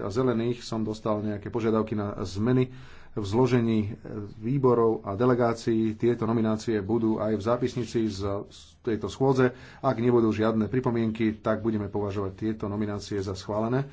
a zelených som dostal nejaké požiadavky na zmeny v zložení výborov a delegácií. Tieto nominácie budú aj v zápisnici z tejto schôdze. Ak nebudú žiadne pripomienky, tak budeme považovať tieto nominácie za schválené.